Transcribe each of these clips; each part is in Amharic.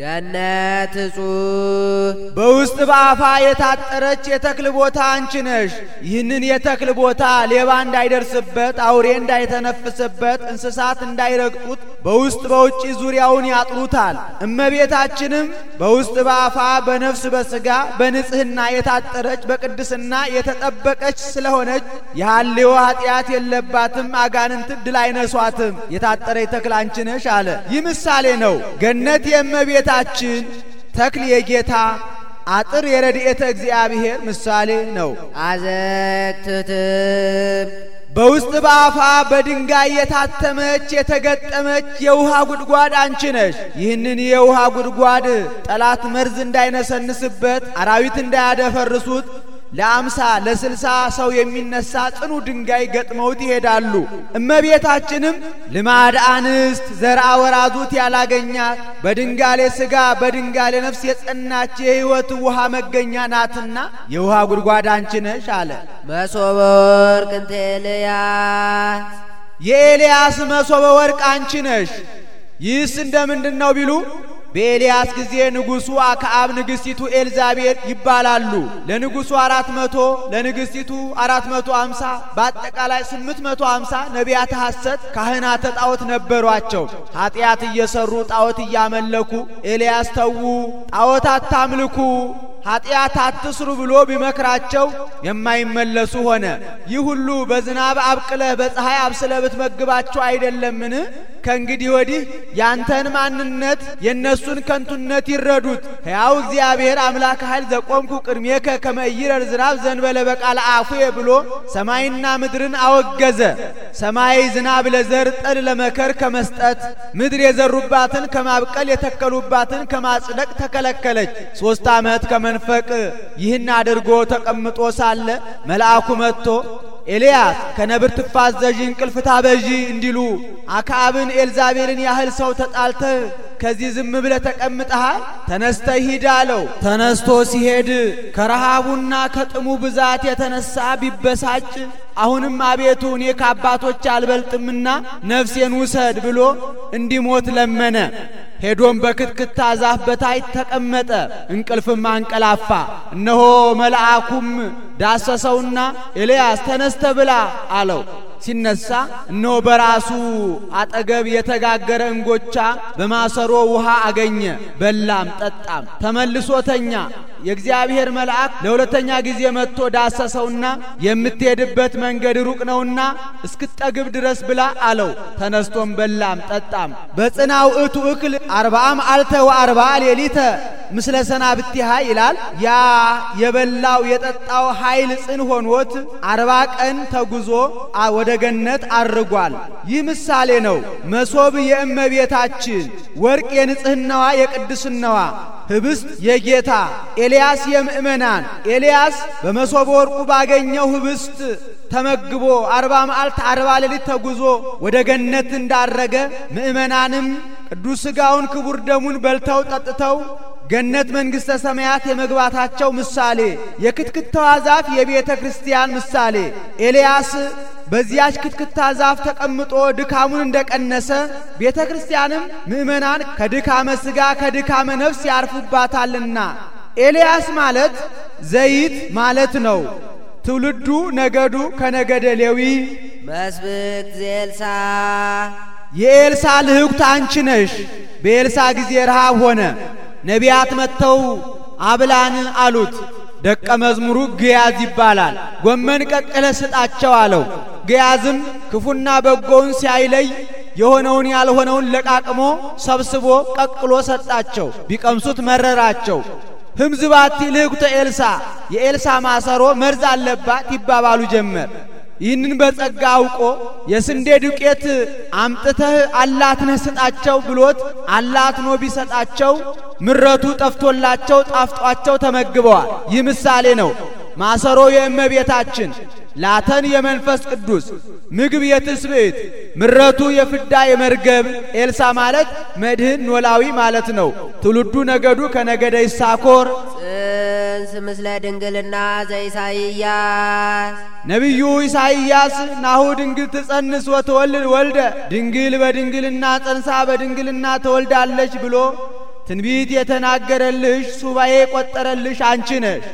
ገነት እጹብ በውስጥ በአፋ የታጠረች የተክል ቦታ አንቺ ነሽ። ይህንን የተክል ቦታ ሌባ እንዳይደርስበት፣ አውሬ እንዳይተነፍስበት፣ እንስሳት እንዳይረግጡት በውስጥ በውጪ ዙሪያውን ያጥሩታል። እመቤታችንም በውስጥ በአፋ በነፍስ በስጋ በንጽህና የታጠረች በቅድስና የተጠበቀች ስለሆነች የሐሌዋ ኃጢአት የለባትም፣ አጋንንት ድል አይነሷትም። የታጠረች ተክል አንቺ ነሽ አለ። ይህ ምሳሌ ነው። ገነት የእመቤታችን ተክል የጌታ አጥር የረድኤተ እግዚአብሔር ምሳሌ ነው። አዘትትም በውስጥ በአፋ በድንጋይ የታተመች የተገጠመች የውሃ ጉድጓድ አንቺ ነሽ። ይህንን የውሃ ጉድጓድ ጠላት መርዝ እንዳይነሰንስበት፣ አራዊት እንዳያደፈርሱት ለአምሳ ለስልሳ ሰው የሚነሳ ጽኑ ድንጋይ ገጥመውት ይሄዳሉ። እመቤታችንም ልማድ አንስት ዘርአ ወራዙት ያላገኛት በድንጋሌ ሥጋ በድንጋሌ ነፍስ የጸናች የሕይወት ውሃ መገኛ ናትና የውሃ ጉድጓድ አንቺ ነሽ አለ። መሶበ ወርቅ እንተ ኤልያስ የኤልያስ መሶበ ወርቅ አንቺ ነሽ። ይህስ እንደምንድን ነው ቢሉ በኤልያስ ጊዜ ንጉሡ አክዓብ ንግሥቲቱ ኤልዛቤል ይባላሉ። ለንጉሡ አራት መቶ ለንግሥቲቱ አራት መቶ አምሳ በአጠቃላይ ስምንት መቶ አምሳ ነቢያተ ሐሰት ካህናተ ጣዖት ነበሯቸው። ኀጢአት እየሰሩ ጣዖት እያመለኩ ኤልያስ ተዉ፣ ጣዖት አታምልኩ ኃጢአት አትስሩ ብሎ ቢመክራቸው የማይመለሱ ሆነ። ይህ ሁሉ በዝናብ አብቅለህ በፀሐይ አብስለህ ብትመግባቸው አይደለምን? ከእንግዲህ ወዲህ ያንተን ማንነት የእነሱን ከንቱነት ይረዱት። ሕያው እግዚአብሔር አምላክ ኃይል ዘቆምኩ ቅድሜከ ከመ ዝናብ ዘንበለ በቃል አፉየ ብሎ ሰማይና ምድርን አወገዘ። ሰማይ ዝናብ ለዘር ጠል ለመከር ከመስጠት ምድር የዘሩባትን ከማብቀል የተከሉባትን ከማጽደቅ ተከለከለች። ሦስት ዓመት ከመንፈቅ ይህን አድርጎ ተቀምጦ ሳለ መልአኩ መጥቶ ኤልያስ ከነብር ዘዥ እንቅልፍታ በዢ እንዲሉ አክዓብን ኤልዛቤልን ያህል ሰው ተጣልተህ ከዚህ ዝም ብለ ተቀምጠሃል? ተነስተ ሂድ አለው። ተነስቶ ሲሄድ ከረሃቡና ከጥሙ ብዛት የተነሳ ቢበሳጭ አሁንም አቤቱ እኔ ከአባቶች አልበልጥምና ነፍሴን ውሰድ ብሎ እንዲሞት ለመነ። ሄዶም በክትክታ ዛፍ በታች ተቀመጠ፣ እንቅልፍም አንቀላፋ። እነሆ መልአኩም ዳሰሰውና ኤልያስ ተነስተ ብላ አለው። ሲነሳ እነሆ በራሱ አጠገብ የተጋገረ እንጎቻ በማሰሮ ውሃ አገኘ። በላም ጠጣም፣ ተመልሶ ተኛ። የእግዚአብሔር መልአክ ለሁለተኛ ጊዜ መጥቶ ዳሰሰውና የምትሄድበት መንገድ ሩቅ ነውና እስክትጠግብ ድረስ ብላ አለው። ተነስቶም በላም ጠጣም። በጽናው እቱ እክል አርባአም አልተ ወአርባ ሌሊተ ምስለ ሰናብቲሃ ይላል። ያ የበላው የጠጣው ኃይል ጽን ሆኖት አርባ ቀን ተጉዞ ወደ ገነት አድርጓል። ይህ ምሳሌ ነው። መሶብ የእመቤታችን፣ ወርቅ የንጽህናዋ የቅድስናዋ፣ ህብስት የጌታ ኤልያስ የምእመናን ኤልያስ በመሶብ ወርቁ ባገኘው ህብስት ተመግቦ አርባ መዓልት አርባ ሌሊት ተጉዞ ወደ ገነት እንዳረገ ምእመናንም ቅዱስ ሥጋውን ክቡር ደሙን በልተው ጠጥተው ገነት መንግሥተ ሰማያት የመግባታቸው ምሳሌ፣ የክትክታዋ ዛፍ የቤተ ክርስቲያን ምሳሌ። ኤልያስ በዚያች ክትክታ ዛፍ ተቀምጦ ድካሙን እንደቀነሰ ቤተ ክርስቲያንም ምእመናን ከድካመ ሥጋ ከድካመ ነፍስ ያርፉባታልና ኤልያስ ማለት ዘይት ማለት ነው። ትውልዱ ነገዱ ከነገደ ሌዊ መስብክ ዘኤልሳ የኤልሳ ልህኩት አንቺ ነሽ። በኤልሳ ጊዜ ረሃብ ሆነ። ነቢያት መጥተው አብላን አሉት። ደቀ መዝሙሩ ግያዝ ይባላል። ጎመን ቀቅለ ስጣቸው አለው። ግያዝም ክፉና በጎውን ሲያይለይ የሆነውን ያልሆነውን ለቃቅሞ ሰብስቦ ቀቅሎ ሰጣቸው። ቢቀምሱት መረራቸው። ህምዝባቲ ልህኩተ ኤልሳ የኤልሳ ማሰሮ መርዝ አለባት ይባባሉ ጀመር። ይህንን በጸጋ አውቆ የስንዴ ዱቄት አምጥተህ አላትነህ ስጣቸው ብሎት አላትኖ ቢሰጣቸው ምረቱ ጠፍቶላቸው ጣፍጧቸው ተመግበዋል። ይህ ምሳሌ ነው። ማሰሮ የእመቤታችን ላተን የመንፈስ ቅዱስ ምግብ የትስብእት ምረቱ የፍዳ የመርገብ ኤልሳ ማለት መድህን ኖላዊ ማለት ነው። ትውልዱ ነገዱ ከነገደ ይሳኮር ጽንስ ምስለ ድንግልና ዘኢሳይያስ ነቢዩ ኢሳይያስ ናሁ ድንግል ትጸንስ ወተወልድ ወልደ ድንግል በድንግልና ጸንሳ በድንግልና ተወልዳለች ብሎ ትንቢት የተናገረልሽ ሱባኤ የቆጠረልሽ አንቺ ነሽ።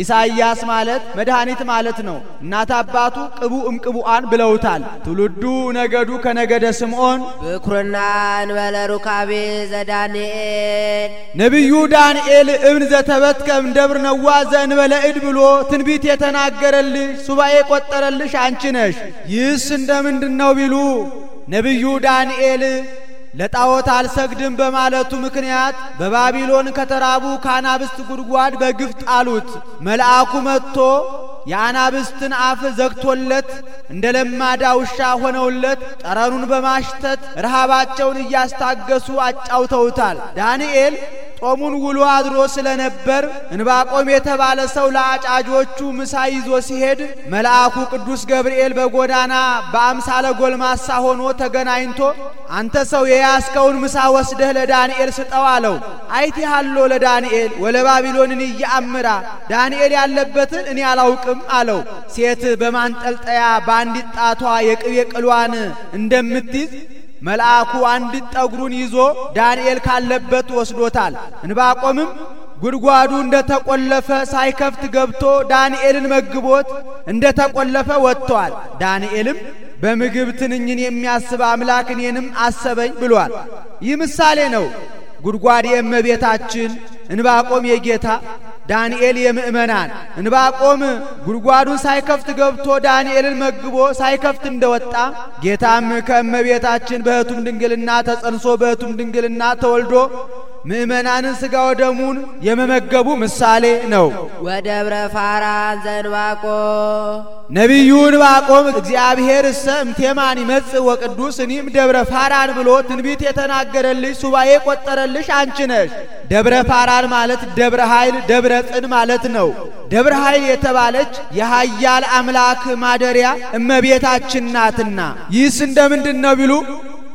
ኢሳይያስ ማለት መድኃኒት ማለት ነው። እናት አባቱ ቅቡ እምቅቡአን ብለውታል። ትውልዱ ነገዱ ከነገደ ስምዖን ብኩርና እንበለ ሩካቤ ዘዳንኤል ነቢዩ ዳንኤል እብን ዘተበትከም እምደብር ነዋ ዘእንበለ እድ ብሎ ትንቢት የተናገረልሽ ሱባኤ ቆጠረልሽ አንቺ ነሽ። ይህስ እንደ ምንድን ነው ቢሉ ነቢዩ ዳንኤል ለጣዖት አልሰግድም በማለቱ ምክንያት በባቢሎን ከተራቡ ከአናብስት ጉድጓድ በግፍ ጣሉት። መልአኩ መጥቶ የአናብስትን አፍ ዘግቶለት እንደ ለማዳ ውሻ ሆነውለት ጠረኑን በማሽተት ረሃባቸውን እያስታገሱ አጫውተውታል። ዳንኤል ጦሙን ውሎ አድሮ ስለነበር እንባቆም የተባለ ሰው ለአጫጆቹ ምሳ ይዞ ሲሄድ መልአኩ ቅዱስ ገብርኤል በጎዳና በአምሳለ ጎልማሳ ሆኖ ተገናኝቶ አንተ ሰው የያዝከውን ምሳ ወስደህ ለዳንኤል ስጠው አለው። አይቴሃሎ ለዳንኤል ወለባቢሎንን እያአምራ ዳንኤል ያለበትን እኔ አላውቅም አለው። ሴት በማንጠልጠያ በአንዲት ጣቷ የቅቤ ቅሏን እንደምትይዝ መልአኩ አንድ ጠጉሩን ይዞ ዳንኤል ካለበት ወስዶታል። እንባቆምም ጉድጓዱ እንደ ተቆለፈ ሳይከፍት ገብቶ ዳንኤልን መግቦት እንደ ተቆለፈ ወጥቷል። ዳንኤልም በምግብ ትንኝን የሚያስብ አምላክ እኔንም አሰበኝ ብሏል። ይህ ምሳሌ ነው። ጉድጓድ የእመቤታችን እንባቆም የጌታ ዳንኤል የምእመናን እንባቆም ጉድጓዱን ሳይከፍት ገብቶ ዳንኤልን መግቦ ሳይከፍት እንደወጣ ጌታም ከእመቤታችን በሕቱም ድንግልና ተጸንሶ በሕቱም ድንግልና ተወልዶ ምእመናንን ወደ ወደሙን የመመገቡ ምሳሌ ነው። ወደብረ ፋራን ዘንባቆ ነቢዩ ዕንባቆም እግዚአብሔር እሰ እምቴማን ይመጽእ ወቅዱስ እኒም ደብረ ፋራን ብሎ ትንቢት የተናገረልሽ ሱባኤ የቆጠረልሽ አንቺ ነሽ። ደብረ ፋራን ማለት ደብረ ኃይል፣ ደብረ ጽን ማለት ነው። ደብረ ኃይል የተባለች የኃያል አምላክ ማደሪያ እመቤታችን ናትና ይህስ እንደምንድን ነው ቢሉ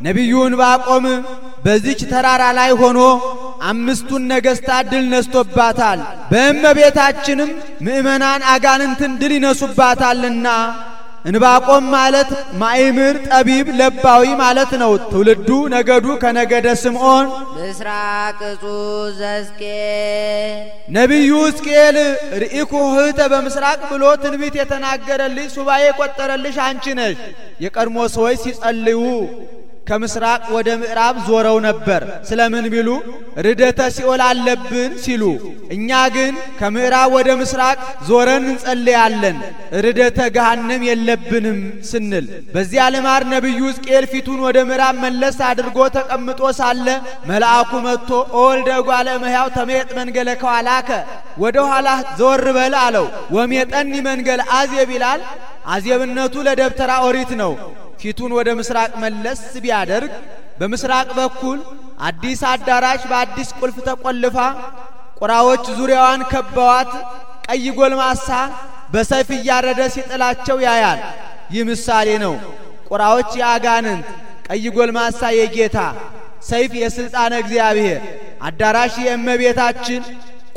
ነቢዩ ዕንባቆም በዚች ተራራ ላይ ሆኖ አምስቱን ነገሥታት ድል ነስቶባታል። በእመቤታችንም ምእመናን አጋንንትን ድል ይነሱባታልና ዕንባቆም ማለት ማእምር ጠቢብ ለባዊ ማለት ነው። ትውልዱ ነገዱ ከነገደ ስምዖን ምስራቅ እጹ ዘሕዝቅኤል ነቢዩ ሕዝቅኤል ርኢኩ ውህተ በምስራቅ ብሎ ትንቢት የተናገረልሽ ሱባኤ የቆጠረልሽ አንቺ ነሽ። የቀድሞ ሰዎች ሲጸልዩ ከምስራቅ ወደ ምዕራብ ዞረው ነበር። ስለምን ቢሉ ርደተ ሲኦል አለብን ሲሉ፣ እኛ ግን ከምዕራብ ወደ ምስራቅ ዞረን እንጸልያለን ርደተ ገሃነም የለብንም ስንል። በዚህ አለማር ነቢዩ ሕዝቅኤል ፊቱን ወደ ምዕራብ መለስ አድርጎ ተቀምጦ ሳለ መልአኩ መጥቶ ኦልደ ጓለ መሕያው ተመየጥ መንገለ ከዋላከ ወደ ኋላ ዘወር በል አለው። ወሜጠኒ መንገል አዜብ ይላል አዜብነቱ ለደብተራ ኦሪት ነው። ፊቱን ወደ ምስራቅ መለስ ቢያደርግ በምስራቅ በኩል አዲስ አዳራሽ በአዲስ ቁልፍ ተቆልፋ ቁራዎች ዙሪያዋን ከበዋት ቀይ ጎልማሳ በሰይፍ እያረደ ሲጥላቸው ያያል። ይህ ምሳሌ ነው። ቁራዎች የአጋንንት፣ ቀይ ጎልማሳ የጌታ፣ ሰይፍ የሥልጣነ እግዚአብሔር፣ አዳራሽ የእመቤታችን፣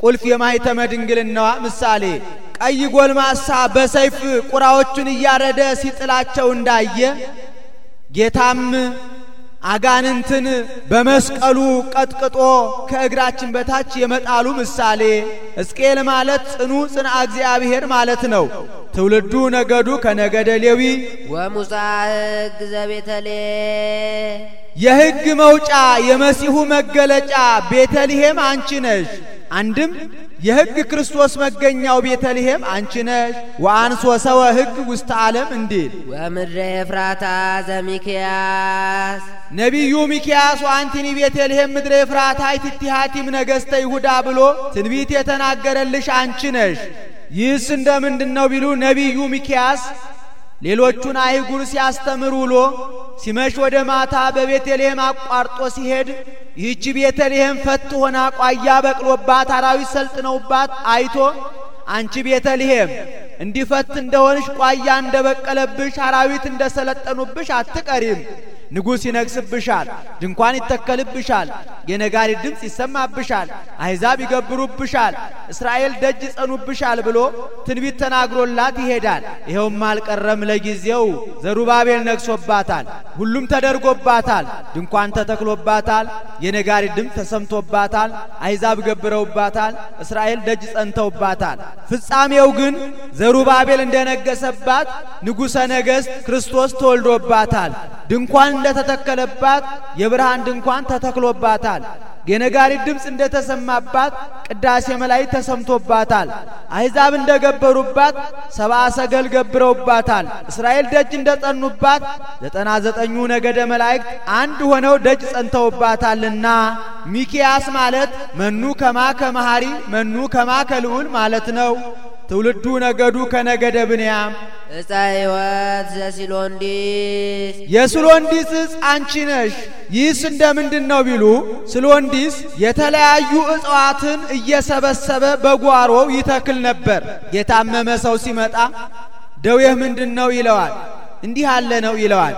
ቁልፍ የማኅተመ ድንግልናዋ ምሳሌ ቀይ ጎልማሳ በሰይፍ ቁራዎቹን እያረደ ሲጥላቸው እንዳየ ጌታም አጋንንትን በመስቀሉ ቀጥቅጦ ከእግራችን በታች የመጣሉ ምሳሌ ሕዝቅኤል ማለት ጽኑ ጽንአ እግዚአብሔር ማለት ነው። ትውልዱ ነገዱ ከነገደ ሌዊ ወሙፃ ሕግ ዘቤተሌ የሕግ መውጫ የመሲሁ መገለጫ ቤተልሔም አንቺ ነሽ። አንድም የሕግ ክርስቶስ መገኛው ቤተልሔም አንቺ ነሽ። ወአንሶ ሰወ ሕግ ውስተ ዓለም እንዲል ወምድረ ኤፍራታ ዘሚክያስ ነቢዩ ሚኪያስ ወአንቲኒ ቤተልሔም ምድረ ኤፍራታ ይትቲሃቲም ነገሥተ ይሁዳ ብሎ ትንቢት የተናገረልሽ አንቺ ነሽ። ይህስ እንደ ምንድን ነው ቢሉ ነቢዩ ሚኪያስ ሌሎቹን አይጉር ሲያስተምር ውሎ ሲመሽ ወደ ማታ በቤተልሔም አቋርጦ ሲሄድ ይህች ቤተልሔም ፈት ሆና ቋያ በቅሎባት አራዊት ሰልጥነውባት አይቶ አንቺ ቤተልሔም እንዲፈት እንደሆንሽ ቋያ እንደበቀለብሽ አራዊት እንደሰለጠኑብሽ አትቀሪም ንጉሥ ይነግስብሻል፣ ድንኳን ይተከልብሻል፣ የነጋሪ ድምፅ ይሰማብሻል፣ አሕዛብ ይገብሩብሻል፣ እስራኤል ደጅ ይጸኑብሻል ብሎ ትንቢት ተናግሮላት ይሄዳል። ይኸውም አልቀረም። ለጊዜው ዘሩባቤል ነግሶባታል። ሁሉም ተደርጎባታል። ድንኳን ተተክሎባታል። የነጋሪ ድምፅ ተሰምቶባታል። አሕዛብ ገብረውባታል። እስራኤል ደጅ ጸንተውባታል። ፍጻሜው ግን ዘሩባቤል እንደነገሰባት ንጉሠ ነገሥት ክርስቶስ ተወልዶባታል። ድንኳን እንደተተከለባት የብርሃን ድንኳን ተተክሎባታል። የነጋሪት ድምፅ እንደተሰማባት ቅዳሴ መላእክት ተሰምቶባታል። አሕዛብ እንደገበሩባት ሰብአ ሰገል ገብረውባታል። እስራኤል ደጅ እንደጠኑባት ዘጠና ዘጠኙ ነገደ መላእክት አንድ ሆነው ደጅ ጸንተውባታልና ሚኪያስ ማለት መኑ ከማ ከመሃሪ መኑ ከማ ከልዑል ማለት ነው። ትውልዱ ነገዱ ከነገደ ብንያም እፀ ሕይወት ዘሲሎንዲስ የስሎንዲስ እጽ አንቺ ነሽ። ይህስ እንደ ምንድን ነው ቢሉ ሲሎንዲስ የተለያዩ እጽዋትን እየሰበሰበ በጓሮው ይተክል ነበር። የታመመ ሰው ሲመጣ ደዌህ ምንድን ነው ይለዋል። እንዲህ ያለ ነው ይለዋል።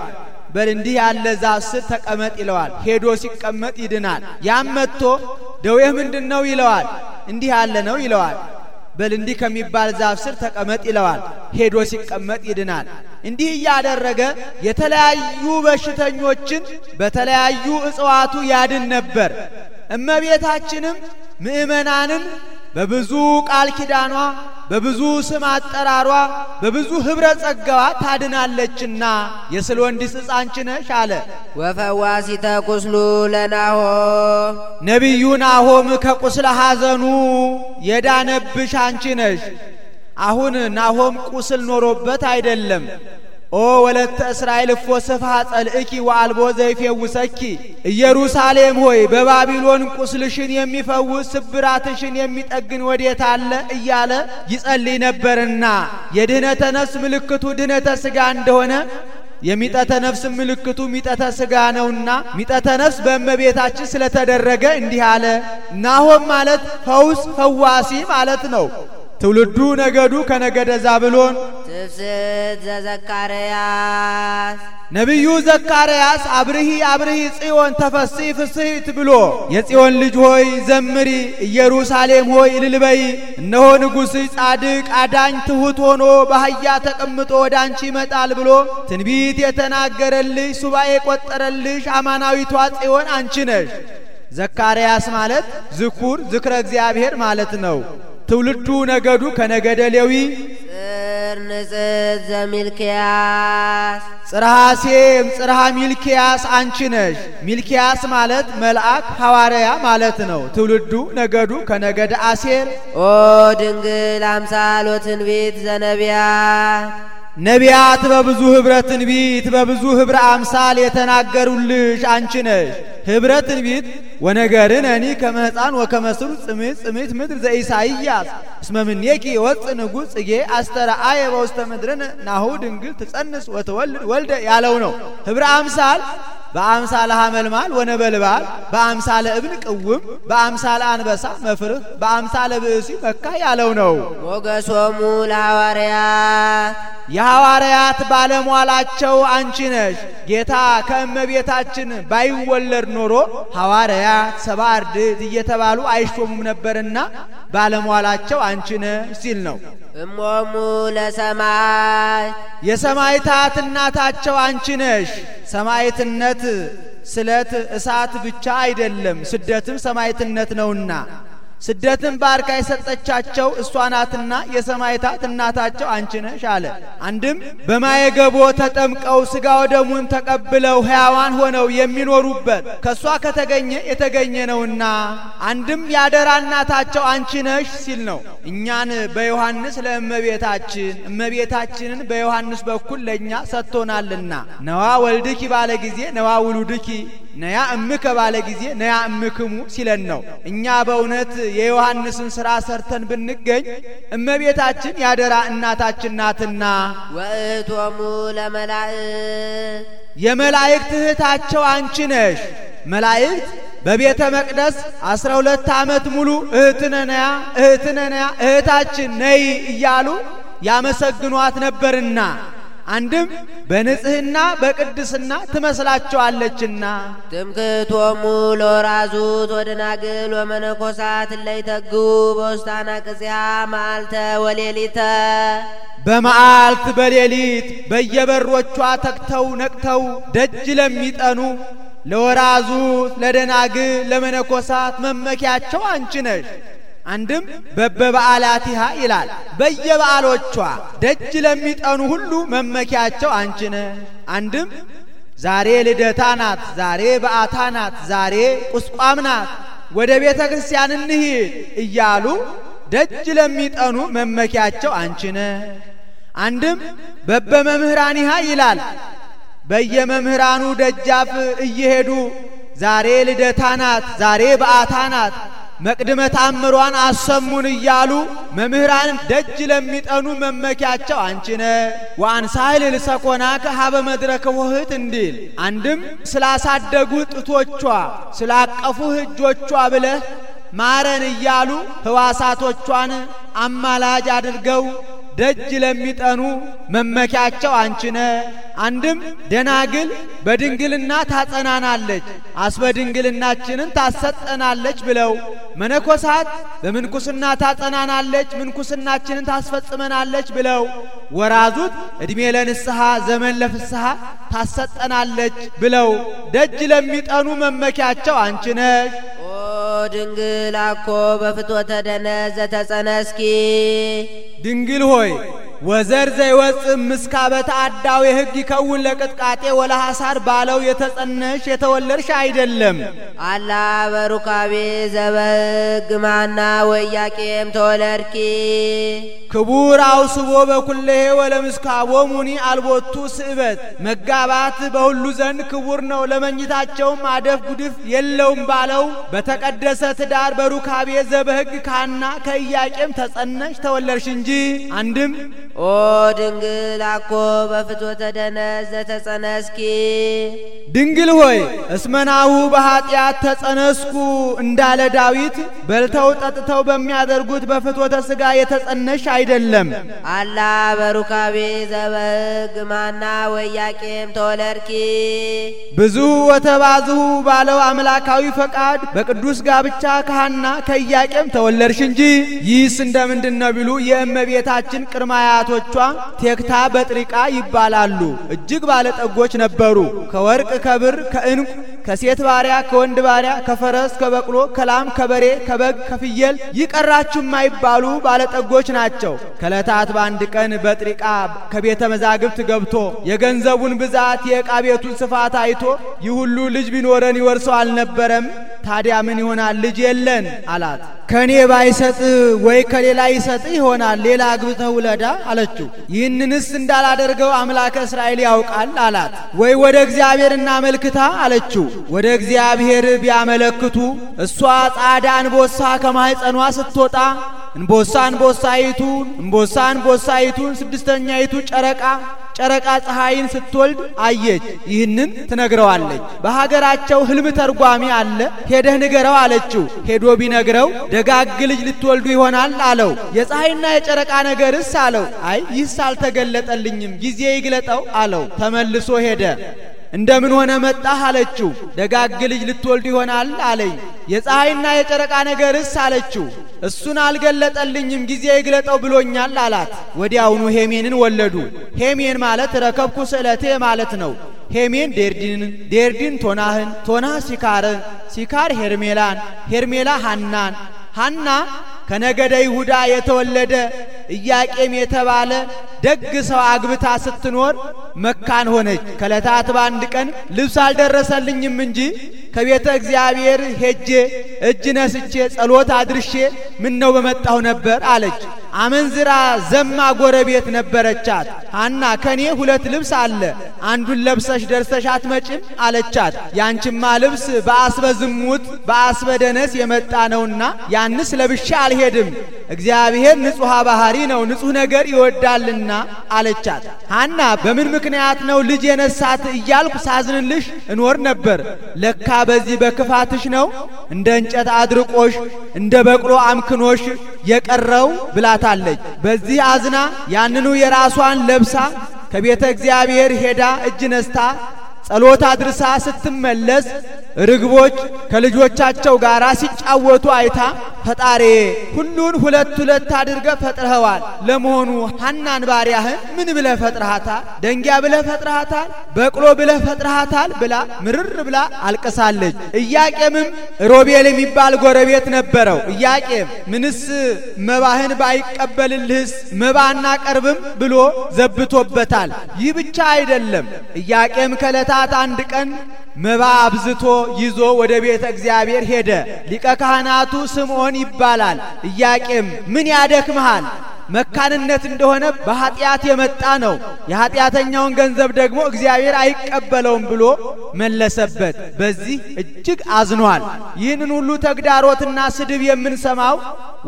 በል እንዲህ ያለ ዛፍ ስር ተቀመጥ ይለዋል። ሄዶ ሲቀመጥ ይድናል። ያም መጥቶ ደዌህ ምንድን ነው ይለዋል። እንዲህ ያለ ነው ይለዋል። በል እንዲህ ከሚባል ዛፍ ስር ተቀመጥ ይለዋል። ሄዶ ሲቀመጥ ይድናል። እንዲህ እያደረገ የተለያዩ በሽተኞችን በተለያዩ እጽዋቱ ያድን ነበር። እመቤታችንም ምእመናንን በብዙ ቃል ኪዳኗ በብዙ ስም አጠራሯ በብዙ ኅብረ ጸጋዋ ታድናለችና ወንዲስ ሕፃን ችነሽ አለ። ወፈዋሲተ ቁስሉ ለናሆ ነቢዩ ናሆም ከቁስለ ሐዘኑ የዳነብሽ አንቺ ነሽ። አሁን ናሆም ቁስል ኖሮበት አይደለም ኦ ወለተ እስራኤል እፎ ስፋ ጸልእኪ ወአልቦ ውሰኪ ኢየሩሳሌም ሆይ በባቢሎን ቁስልሽን የሚፈውስ ስብራትሽን የሚጠግን ወዴት አለ እያለ ይጸልይ ነበርና የድህነተ ነፍስ ምልክቱ ድህነተ ሥጋ እንደሆነ የሚጠተ ነፍስ ምልክቱ ሚጠተ ሥጋ ነውና ሚጠተ ነፍስ በእመቤታችን ስለተደረገ እንዲህ አለ። ናሆም ማለት ፈውስ ፈዋሲ ማለት ነው። ትውልዱ ነገዱ ከነገደ ዛብሎን ትፍስት ዘዘካርያስ ነቢዩ ዘካርያስ አብርሂ አብርሂ ጽዮን ተፈሲ ፍስሂት ብሎ የጽዮን ልጅ ሆይ ዘምሪ፣ ኢየሩሳሌም ሆይ እልልበይ፣ እነሆ ንጉሥ ጻድቅ አዳኝ ትሑት ሆኖ በአህያ ተቀምጦ ወደ አንቺ ይመጣል ብሎ ትንቢት የተናገረልሽ ሱባኤ የቆጠረልሽ አማናዊቷ ጽዮን አንቺ ነሽ። ዘካርያስ ማለት ዝኩር ዝክረ እግዚአብሔር ማለት ነው። ትውልዱ ነገዱ ከነገደ ሌዊ ጽር ንጽሕት ዘሚልኪያስ ጽርሐ ሴም ጽርሐ ሚልኪያስ አንቺ ነሽ። ሚልኪያስ ማለት መልአክ ሐዋርያ ማለት ነው። ትውልዱ ነገዱ ከነገደ አሴር ኦ ድንግል አምሳሎትን ቤት ዘነቢያ ነቢያት በብዙ ኅብረ ትንቢት በብዙ ኅብረ አምሳል የተናገሩልሽ አንቺ ነሽ። ኅብረ ትንቢት ወነገርን እኒ ከመህፃን ወከመስሩ ጽምት ጽምት ምድር ዘኢሳይያስ እስመምኔኪ ወፅ ንጉሥ ጽጌ አስተርአየ በውስተ ምድርን ናሁ ድንግል ትጸንስ ወትወልድ ወልደ ያለው ነው ኅብረ አምሳል በአምሳለ ሐመልማል ወነበልባል በአምሳለ እብን ቅውም በአምሳለ አንበሳ መፍርህ በአምሳለ ብእሲ መካ ያለው ነው። ሞገሶሙ ለሐዋርያት የሐዋርያት ባለሟላቸው አንቺ ነሽ። ጌታ ከእመቤታችን ባይወለድ ኖሮ ሐዋርያት ሰባ አርድእት እየተባሉ አይሾሙም ነበርና ባለሟላቸው አንቺ ነሽ ሲል ነው። እሞሙ ለሰማይ የሰማይታት እናታቸው አንቺ ነሽ። ሰማይትነት ስለት እሳት ብቻ አይደለም፣ ስደትም ሰማይትነት ነውና ስደትን ባርካ የሰጠቻቸው እሷ ናትና የሰማዕታት እናታቸው አንቺ ነሽ አለ። አንድም በማየገቦ ተጠምቀው ስጋ ወደሙን ተቀብለው ሕያዋን ሆነው የሚኖሩበት ከእሷ ከተገኘ የተገኘ ነውና፣ አንድም ያደራ እናታቸው አንቺ ነሽ ሲል ነው። እኛን በዮሐንስ ለእመቤታችን እመቤታችንን በዮሐንስ በኩል ለእኛ ሰጥቶናልና ነዋ ወልድኪ ባለ ጊዜ ነዋ ውሉድኪ ነያ እምከ ባለ ጊዜ ነያ እምክሙ ሲለን ነው። እኛ በእውነት የዮሐንስን ሥራ ሰርተን ብንገኝ እመቤታችን ያደራ እናታችን ናትና ወእቶሙ ለመላእክ የመላእክት እህታቸው አንቺ ነሽ። መላእክት በቤተ መቅደስ አስራ ሁለት ዓመት ሙሉ እህትነ ነያ እህትነ ነያ እህታችን ነይ እያሉ ያመሰግኗት ነበርና አንድም በንጽህና በቅድስና ትመስላቸዋለችና ትምክቶሙ ሎራዙት ወደናግል ወመነኮሳት ለይተጉ በውስታና ቅጽያ መዓልተ ወሌሊተ በመዓልት በሌሊት በየበሮቿ ተክተው ነቅተው ደጅ ለሚጠኑ ለወራዙት ለደናግል ለመነኮሳት መመኪያቸው አንቺ ነሽ። አንድም በበበዓላቲሃ ይላል በየበዓሎቿ ደጅ ለሚጠኑ ሁሉ መመኪያቸው አንችነ አንድም ዛሬ ልደታ ናት፣ ዛሬ በዓታ ናት፣ ዛሬ ቁስቋም ናት፣ ወደ ቤተ ክርስቲያን እንሂድ እያሉ ደጅ ለሚጠኑ መመኪያቸው አንችነ ነሽ። አንድም በበመምህራኒሃ ይላል በየመምህራኑ ደጃፍ እየሄዱ ዛሬ ልደታ ናት፣ ዛሬ በዓታ ናት መቅድመ ተአምሯን አሰሙን እያሉ መምህራን ደጅ ለሚጠኑ መመኪያቸው አንቺ ነ ወአንሳይል ልሰኮና ከሀበ መድረከ ወህት እንዲል አንድም ስላሳደጉ ጥቶቿ ስላቀፉ እጆቿ ብለህ ማረን እያሉ ህዋሳቶቿን አማላጅ አድርገው ደጅ ለሚጠኑ መመኪያቸው አንችነ አንድም ደናግል በድንግልና ታጸናናለች አስበድንግልናችንን ታሰጠናለች ብለው፣ መነኮሳት በምንኩስና ታጸናናለች ምንኩስናችንን ታስፈጽመናለች ብለው፣ ወራዙት ዕድሜ ለንስሐ ዘመን ለፍስሐ ታሰጠናለች ብለው ደጅ ለሚጠኑ መመኪያቸው አንችነሽ ኦ ድንግል አኮ በፍትወተ ደነ ዘተጸነስኪ દિંગીલ હોય ወዘር ዘይወፅም ምስካበት አዳው የሕግ ይከውን ለቅጥቃጤ ወለሐሳር ባለው የተጸነሽ የተወለድሽ አይደለም። አላ በሩካቤ ዘበግ ማና ወያቄም ተወለድኪ ክቡር አውስቦ በኩለሄ ወለምስካቦ ሙኒ አልቦቱ ስእበት መጋባት በሁሉ ዘንድ ክቡር ነው። ለመኝታቸውም አደፍ ጉድፍ የለውም ባለው በተቀደሰ ትዳር በሩካቤ ዘበሕግ ካና ከእያቄም ተጸነሽ ተወለድሽ እንጂ አንድም ኦ ድንግል አኮ በፍትወተ ደነስ ዘተጸነስኪ ድንግል ሆይ እስመናሁ በኃጢአት ተጸነስኩ እንዳለ ዳዊት በልተው ጠጥተው በሚያደርጉት በፍትወተ ሥጋ የተጸነሽ አይደለም። አላ በሩካቤ ዘበግ ማና ወያቄም ተወለድኪ ብዙ ወተባዝሁ ባለው አምላካዊ ፈቃድ በቅዱስ ጋብቻ ከሐና ከያቄም ተወለድሽ እንጂ ይህስ እንደምንድን ነው ቢሉ የእመቤታችን ቅድማያ እናቶቿ ቴክታ በጥሪቃ ይባላሉ። እጅግ ባለጠጎች ነበሩ። ከወርቅ ከብር፣ ከእንቁ ከሴት ባሪያ፣ ከወንድ ባሪያ፣ ከፈረስ፣ ከበቅሎ፣ ከላም፣ ከበሬ፣ ከበግ፣ ከፍየል ይቀራችሁ የማይባሉ ባለጠጎች ናቸው። ከዕለታት በአንድ ቀን በጥሪቃ ከቤተ መዛግብት ገብቶ የገንዘቡን ብዛት የዕቃ ቤቱን ስፋት አይቶ ይህ ሁሉ ልጅ ቢኖረን ይወርሰው አልነበረም? ታዲያ ምን ይሆናል? ልጅ የለን አላት። ከእኔ ባይሰጥ ወይ ከሌላ ይሰጥ ይሆናል፣ ሌላ አግብተህ ውለዳ አለችው። ይህንንስ እንዳላደርገው አምላከ እስራኤል ያውቃል አላት። ወይ ወደ እግዚአብሔር እናመልክታ አለችው። ወደ እግዚአብሔር ቢያመለክቱ እሷ ጻዳ እንቦሳ ከማኅፀኗ ስትወጣ እንቦሳ እንቦሳይቱን እንቦሳ እንቦሳይቱን ስድስተኛይቱ ጨረቃ ጨረቃ ፀሐይን ስትወልድ አየች። ይህንን ትነግረዋለች። በሀገራቸው ህልም ተርጓሚ አለ፣ ሄደህ ንገረው አለችው። ሄዶ ቢነግረው ደጋግ ልጅ ልትወልዱ ይሆናል አለው። የፀሐይና የጨረቃ ነገርስ አለው። አይ ይህስ አልተገለጠልኝም፣ ጊዜ ይግለጠው አለው። ተመልሶ ሄደ። እንደምን ሆነ መጣህ አለችው። ደጋግ ልጅ ልትወልድ ይሆናል አለኝ። የፀሐይና የጨረቃ ነገርስ አለችው። እሱን አልገለጠልኝም ጊዜ ይግለጠው ብሎኛል አላት። ወዲያውኑ ሄሜንን ወለዱ። ሄሜን ማለት ረከብኩ ስዕለቴ ማለት ነው። ሄሜን ዴርዲን ዴርዲን ቶናህን፣ ቶናህ ሲካር ሲካር ሄርሜላን፣ ሄርሜላ ሃናን፣ ሃና ከነገደ ይሁዳ የተወለደ እያቄም የተባለ ደግ ሰው አግብታ ስትኖር መካን ሆነች። ከለታት በአንድ ቀን ልብስ አልደረሰልኝም እንጂ ከቤተ እግዚአብሔር ሄጄ እጅ ነስቼ ጸሎት አድርሼ ምን ነው በመጣሁ ነበር አለች። አመንዝራ ዘማ ጎረቤት ነበረቻት። ሐና ከኔ ሁለት ልብስ አለ፣ አንዱን ለብሰሽ ደርሰሽ አትመጭም አለቻት። ያንችማ ልብስ በአስበ ዝሙት በአስበ ደነስ የመጣ ነውና ያንስ ለብሼ አልሄድም። እግዚአብሔር ንጹሐ ባህሪ ነው ንጹህ ነገር ይወዳልና አለቻት። ሐና በምን ምክንያት ነው ልጅ የነሳት እያልኩ ሳዝንልሽ እኖር ነበር። ለካ በዚህ በክፋትሽ ነው እንደ እንጨት አድርቆሽ እንደ በቅሎ አምክኖሽ የቀረው ብላታለች። በዚህ አዝና ያንኑ የራሷን ለብሳ ከቤተ እግዚአብሔር ሄዳ እጅ ነስታ ጸሎት አድርሳ ስትመለስ ርግቦች ከልጆቻቸው ጋር ሲጫወቱ አይታ ፈጣሬ ሁሉን ሁለት ሁለት አድርገ ፈጥረኸዋል። ለመሆኑ ሐናን ባሪያህን ምን ብለህ ፈጥረሃታል? ደንጊያ ብለህ ፈጥረሃታል? በቅሎ ብለህ ፈጥረሃታል? ብላ ምርር ብላ አልቅሳለች። እያቄምም ሮቤል የሚባል ጎረቤት ነበረው። እያቄም ምንስ መባህን ባይቀበልልህስ መባ አናቀርብም ብሎ ዘብቶበታል። ይህ ብቻ አይደለም። እያቄም ከዕለታት አንድ ቀን መባ አብዝቶ ይዞ ወደ ቤተ እግዚአብሔር ሄደ። ሊቀ ካህናቱ ስምዖን ይባላል። ኢያቄም ምን ያደክምሃል መካንነት እንደሆነ በኃጢአት የመጣ ነው፣ የኃጢአተኛውን ገንዘብ ደግሞ እግዚአብሔር አይቀበለውም ብሎ መለሰበት። በዚህ እጅግ አዝኗል። ይህንን ሁሉ ተግዳሮትና ስድብ የምንሰማው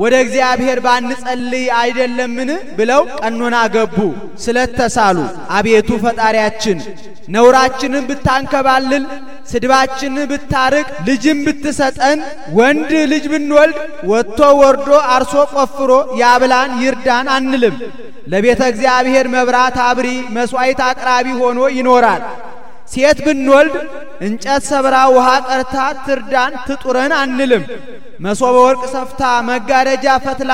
ወደ እግዚአብሔር ባንጸልይ አይደለምን? ብለው ቀኖና ገቡ፣ ስለተሳሉ። አቤቱ ፈጣሪያችን ነውራችንን ብታንከባልል ስድባችን ብታርቅ ልጅም ብትሰጠን ወንድ ልጅ ብንወልድ ወጥቶ ወርዶ አርሶ ቆፍሮ ያብላን ይርዳን አንልም። ለቤተ እግዚአብሔር መብራት አብሪ መስዋዕት አቅራቢ ሆኖ ይኖራል። ሴት ብንወልድ እንጨት ሰብራ ውሃ ቀርታ ትርዳን ትጡረን አንልም። መሶበ ወርቅ ሰፍታ መጋረጃ ፈትላ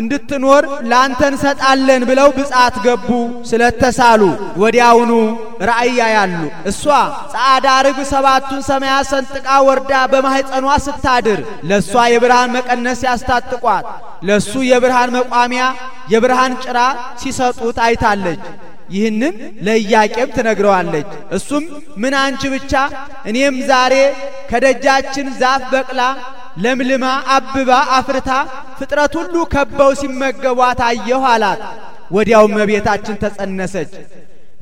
እንድትኖር ላንተ እንሰጣለን ብለው ብጻት ገቡ። ስለተሳሉ ወዲያውኑ ራእያ ያሉ እሷ ጻዕዳ ርግብ ሰባቱን ሰማያት ሰንጥቃ ወርዳ በማህፀኗ ስታድር ለሷ የብርሃን መቀነስ ያስታጥቋት ለሱ የብርሃን መቋሚያ የብርሃን ጭራ ሲሰጡት አይታለች። ይህንን ለኢያቄም ትነግረዋለች። እሱም ምን አንቺ ብቻ እኔም ዛሬ ከደጃችን ዛፍ በቅላ ለምልማ አብባ አፍርታ ፍጥረት ሁሉ ከበው ሲመገቧት አየሁ አላት። ወዲያው እመቤታችን ተጸነሰች።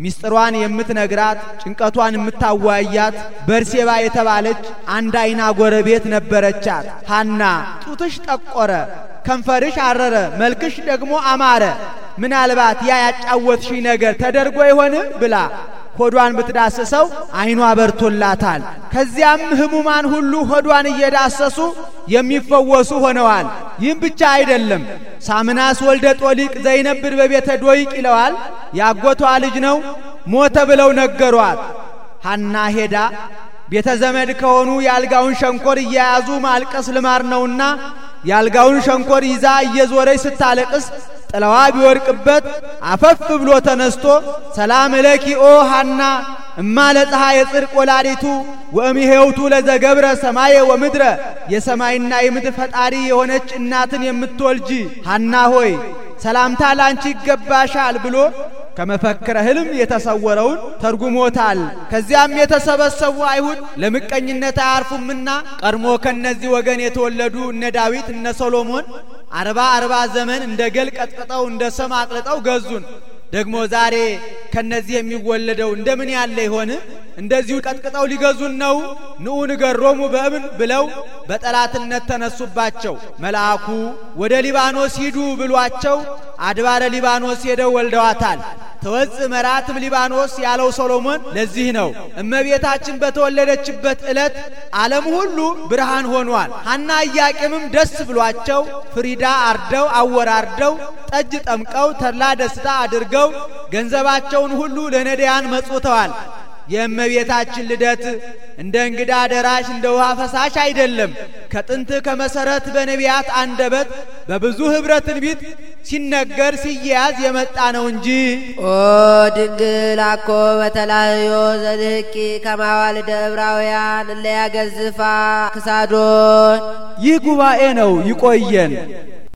ሚስጥሯን የምትነግራት ጭንቀቷን የምታዋያት በርሴባ የተባለች አንድ አይና ጎረቤት ነበረቻት። ሐና ጡትሽ ጠቆረ፣ ከንፈርሽ አረረ፣ መልክሽ ደግሞ አማረ፣ ምናልባት ያ ያጫወትሽ ነገር ተደርጎ ይሆን ብላ ሆዷን ብትዳስሰው አይኗ በርቶላታል። ከዚያም ህሙማን ሁሉ ሆዷን እየዳሰሱ የሚፈወሱ ሆነዋል። ይህም ብቻ አይደለም። ሳምናስ ወልደ ጦሊቅ ዘይነብር በቤተ ዶይቅ ይለዋል። ያጎቷ ልጅ ነው፣ ሞተ ብለው ነገሯት። ሐና ሄዳ ቤተ ዘመድ ከሆኑ የአልጋውን ሸንኮር እየያዙ ማልቀስ ልማር ነውና የአልጋውን ሸንኮር ይዛ እየዞረች ስታለቅስ ጥለዋ ቢወድቅበት አፈፍ ብሎ ተነስቶ ሰላም ለኪ ኦ ሃና እማ ለፀሐይ የጽድቅ ወላዲቱ ወእምሄውቱ ለዘገብረ ሰማየ ወምድረ የሰማይና የምድር ፈጣሪ የሆነች እናትን የምትወልጂ ሃና ሆይ ሰላምታ ላንቺ ይገባሻል ብሎ ከመፈክረ ህልም የተሰወረውን ተርጉሞታል። ከዚያም የተሰበሰቡ አይሁድ ለምቀኝነት አያርፉምና ቀድሞ ከነዚህ ወገን የተወለዱ እነ ዳዊት እነ ሰሎሞን አርባ አርባ ዘመን እንደ ገል ቀጥቅጠው እንደ ሰም አቅልጠው ገዙን። ደግሞ ዛሬ ከነዚህ የሚወለደው እንደምን ያለ ይሆን? እንደዚሁ ቀጥቅጠው ሊገዙን ነው። ንዑ ንገሮሙ በእብን ብለው በጠላትነት ተነሱባቸው። መልአኩ ወደ ሊባኖስ ሂዱ ብሏቸው አድባረ ሊባኖስ ሄደው ወልደዋታል። ተወጽ መራትም ሊባኖስ ያለው ሶሎሞን ለዚህ ነው። እመቤታችን በተወለደችበት ዕለት ዓለም ሁሉ ብርሃን ሆኗል። ሐና ኢያቄምም ደስ ብሏቸው ፍሪዳ አርደው አወራርደው ጠጅ ጠምቀው ተድላ ደስታ አድርገው ገንዘባቸውን ሁሉ ለነዳያን መጽውተዋል። የእመቤታችን ልደት እንደ እንግዳ ደራሽ እንደ ውሃ ፈሳሽ አይደለም። ከጥንት ከመሰረት በነቢያት አንደበት በብዙ ኅብረ ትንቢት ሲነገር ሲያያዝ የመጣ ነው እንጂ ኦ ድንግል አኮ በተላዮ ዘድህቂ ከማዋልደ ዕብራውያን እለያገዝፋ ክሳዶን ይህ ጉባኤ ነው። ይቆየን።